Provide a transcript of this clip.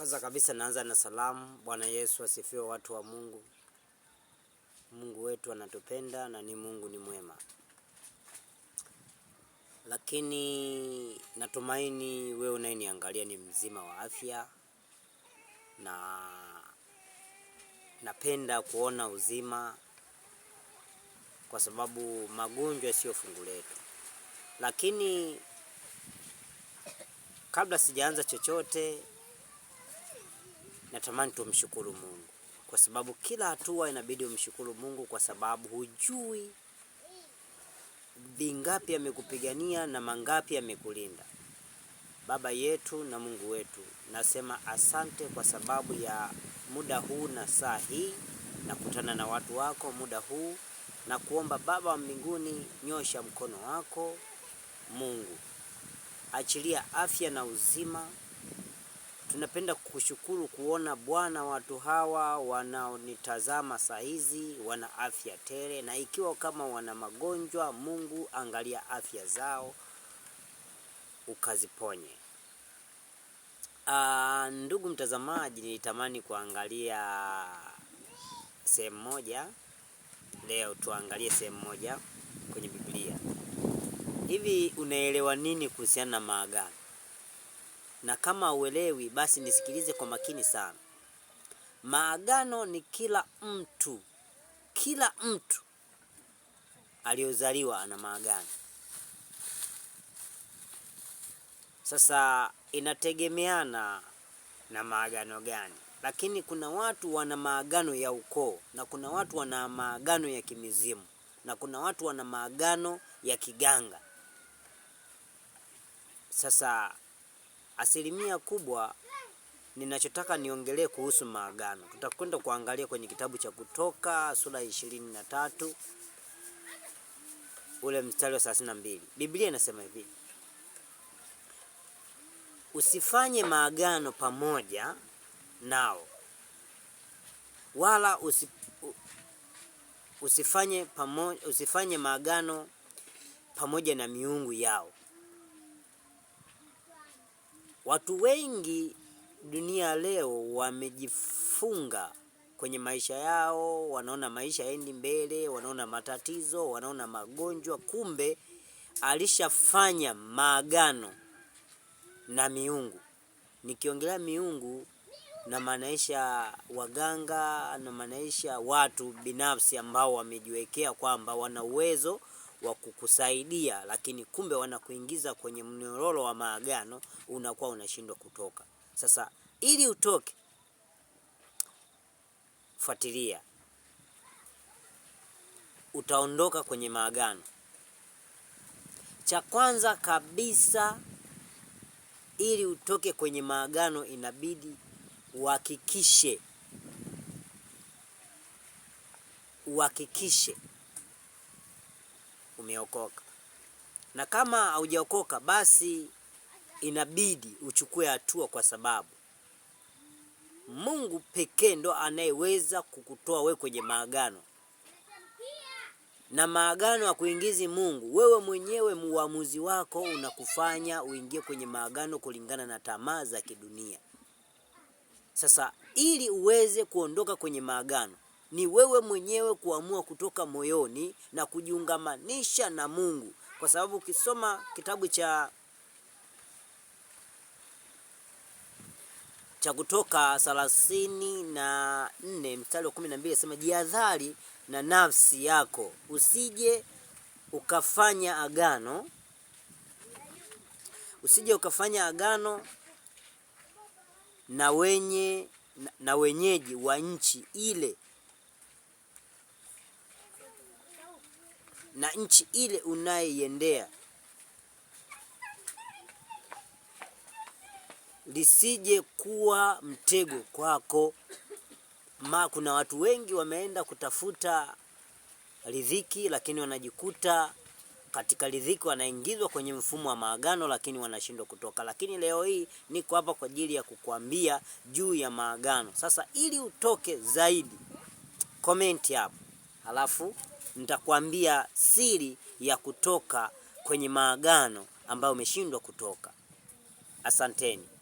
Kwanza kabisa naanza na salamu. Bwana Yesu asifiwe, watu wa Mungu. Mungu wetu anatupenda na ni Mungu ni mwema, lakini natumaini wewe unayeniangalia ni mzima wa afya, na napenda kuona uzima, kwa sababu magonjwa sio fungu letu. Lakini kabla sijaanza chochote natamani tumshukuru Mungu kwa sababu kila hatua inabidi umshukuru Mungu, kwa sababu hujui vingapi amekupigania na mangapi amekulinda. Baba yetu na Mungu wetu, nasema asante kwa sababu ya muda huu na saa hii, nakutana na watu wako muda huu na kuomba Baba wa mbinguni, nyosha mkono wako Mungu, achilia afya na uzima Tunapenda kushukuru kuona Bwana, watu hawa wanaonitazama saa hizi wana afya tele, na ikiwa kama wana magonjwa, Mungu angalia afya zao ukaziponye. Aa, ah, ndugu mtazamaji, nilitamani kuangalia sehemu moja leo, tuangalie sehemu moja kwenye Biblia. Hivi unaelewa nini kuhusiana na maagano? na kama uelewi basi nisikilize kwa makini sana. Maagano ni kila mtu, kila mtu aliyozaliwa ana maagano. Sasa inategemeana na maagano gani, lakini kuna watu wana maagano ya ukoo na kuna watu wana maagano ya kimizimu na kuna watu wana maagano ya kiganga. Sasa Asilimia kubwa ninachotaka niongelee kuhusu maagano, tutakwenda kuangalia kwenye kitabu cha Kutoka sura ishirini na tatu ule mstari wa thelathini na mbili. Biblia inasema hivi, usifanye maagano pamoja nao wala usi, usifanye, pamoja, usifanye maagano pamoja na miungu yao Watu wengi dunia leo wamejifunga kwenye maisha yao, wanaona maisha yaendi mbele, wanaona matatizo, wanaona magonjwa. Kumbe alishafanya maagano na miungu. Nikiongelea miungu na maanaisha waganga na maanaisha watu binafsi ambao wamejiwekea kwamba wana uwezo wa kukusaidia, lakini kumbe wanakuingiza kwenye mnyororo wa maagano, unakuwa unashindwa kutoka. Sasa ili utoke, fuatilia, utaondoka kwenye maagano. Cha kwanza kabisa, ili utoke kwenye maagano, inabidi uhakikishe uhakikishe umeokoka, na kama haujaokoka basi inabidi uchukue hatua, kwa sababu Mungu pekee ndo anayeweza kukutoa wewe kwenye maagano na maagano ya kuingizi Mungu. Wewe mwenyewe muamuzi wako unakufanya uingie kwenye maagano kulingana na tamaa za kidunia. Sasa ili uweze kuondoka kwenye maagano ni wewe mwenyewe kuamua kutoka moyoni na kujiungamanisha na Mungu, kwa sababu ukisoma kitabu cha cha Kutoka thelathini na nne mstari wa kumi na mbili asema jihadhari na nafsi yako usije ukafanya agano, usije ukafanya agano na wenye na wenyeji wa nchi ile na nchi ile unayeiendea, lisije kuwa mtego kwako. Ma, kuna watu wengi wameenda kutafuta riziki, lakini wanajikuta katika riziki wanaingizwa kwenye mfumo wa maagano, lakini wanashindwa kutoka. Lakini leo hii niko hapa kwa ajili ya kukuambia juu ya maagano. Sasa ili utoke zaidi, komenti hapo halafu nitakwambia siri ya kutoka kwenye maagano ambayo umeshindwa kutoka. Asanteni.